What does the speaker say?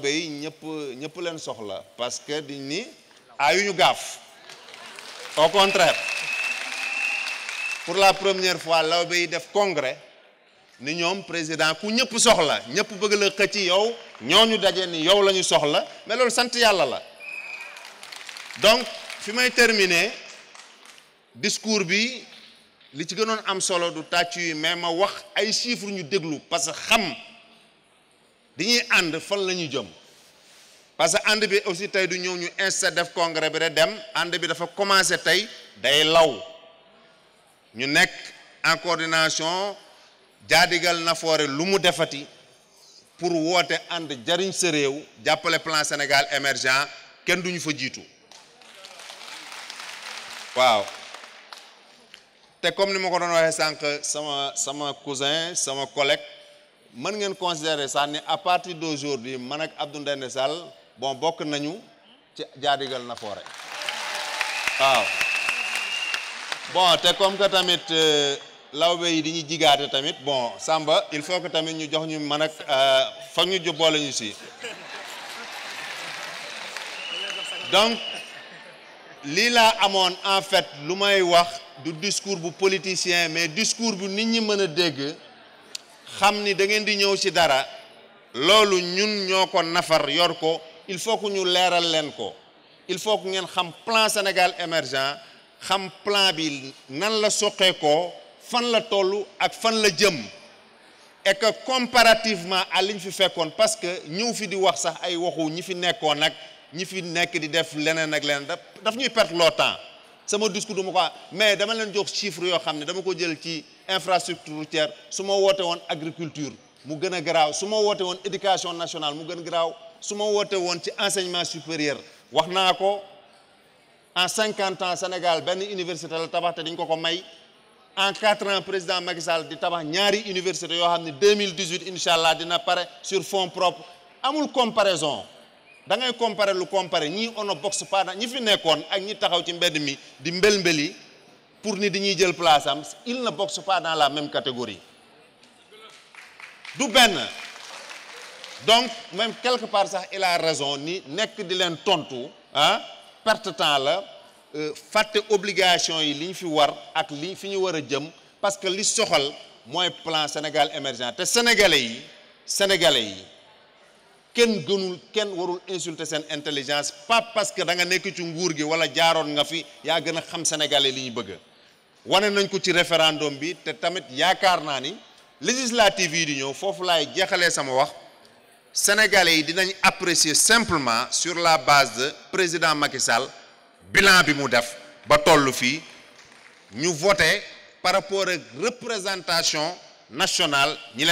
be yi ñepp ñepp leen soxla parce que di ni ñu gaf au contraire pour la première fois be yi def congrès ni ñom président ku ñepp soxla ñepp bëgg la xëcc yow ñooñu dajé ni yow la soxla mais lool sante yalla la donc fi may terminer discours bi li ci gënon am solo du tatchu mais ma wax ay chiffres ñu déglu parce que xam dañuy and fan lañu ñu jëm parce que and bi aussi tay du ñëw ñu installé def congrès bi rek dem and bi dafa commencer tay day law ñu nekk en coordination jaadigal foré lu mu defati pour woté and jariñ se réew jàppale plan Sénégal émergent ken duñu fa jitu waaw té comme ni mako don doon sank sama sama cousin sama collègue man ngeen considérer ça ni à partir d'aujourd'hui man ak Abdou ndene Sall bon bok nañu ci jaadigal na foré waaw bon té comme que tamit euh, lawbe yi diñu ñu tamit bon Samba il faut que tamit ñu jox ñu man ak euh, fa ñu jubboole ñu ci donc lii laa amoon en fait lu may wax du discours bu politicien mais discours bu nit ñi mëna dégg xam ni da ngeen di ñëw ci dara loolu ñun ñoo ko nafar yor ko il faut que ñu leeral leen ko il faut que ngeen xam plan Sénégal émergent xam plan bi nan la soqee ko fan la toll ak fan la jëm et que comparativement à liñ fi fekkoon parce que ñëw fi di wax sax ay waxu ñi fi nekkoon ak ñi fi nekk di def leneen ak leneen daf ñuy perte loo temps sama discours du ma ko mais dama leen jox chiffre yoo xam ne dama ko jël ci infrastructure routière su ma woote agriculture mu gën a garaaw su ma éducation nationale mu gën a garaaw su ma ci enseignement supérieur wax naa en 50 ans Sénégal ben université la tabax te dañ ko ko may en quatre ans président Macky Sall di tabax ñaari université yoo xam ne deux mille dix huit incha allah dina pare sur fonds propres amul comparaison da ngay comparer lu comparer ñii on ne boxe pas ñi fi nekkoon ak ñi taxaw ci mbedd mi di mbël-mbël pour ni dañuy jël place am il ne boxe pas dans la même catégorie du ben. donc même quelque part ça, il a raison ni nek di leen tontu hein, perte temps la euh, fàtte obligation yi li ñu fi war ak li fi ñu jëm parce que li soxal mooy plan Sénégal émergent te sénégalais yi sénégalais yi kenn gënul kenn warul insulter intelligence pas parce que da nga nekk ci nguur gi walla jaaroon nga fi yaa gën xam sénégalais li bëgg wane nañ ko ci référendum bi te tamit yaakaar ni législative yi di ñëw foofu sénégalais yi apprécier simplement sur la base de président Macky Sall bilan bi mu def par rapport représentation nationale ñi